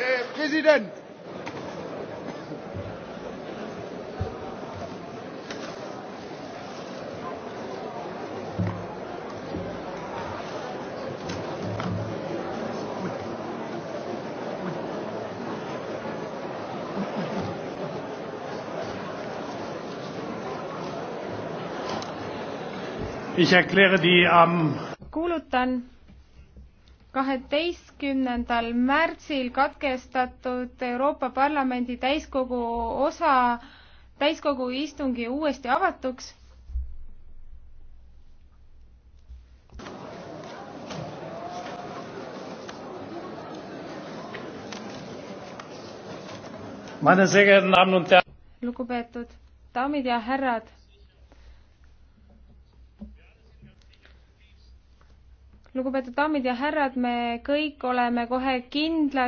Herr eh, Präsident! Ich erkläre die am kuulutan kaheteistkümnendal märtsil katkestatud Euroopa Parlamendi täiskogu osa, täiskogu istungi uuesti avatuks. lugupeetud daamid ja härrad lugupeetud daamid ja härrad, me kõik oleme kohe kindlad,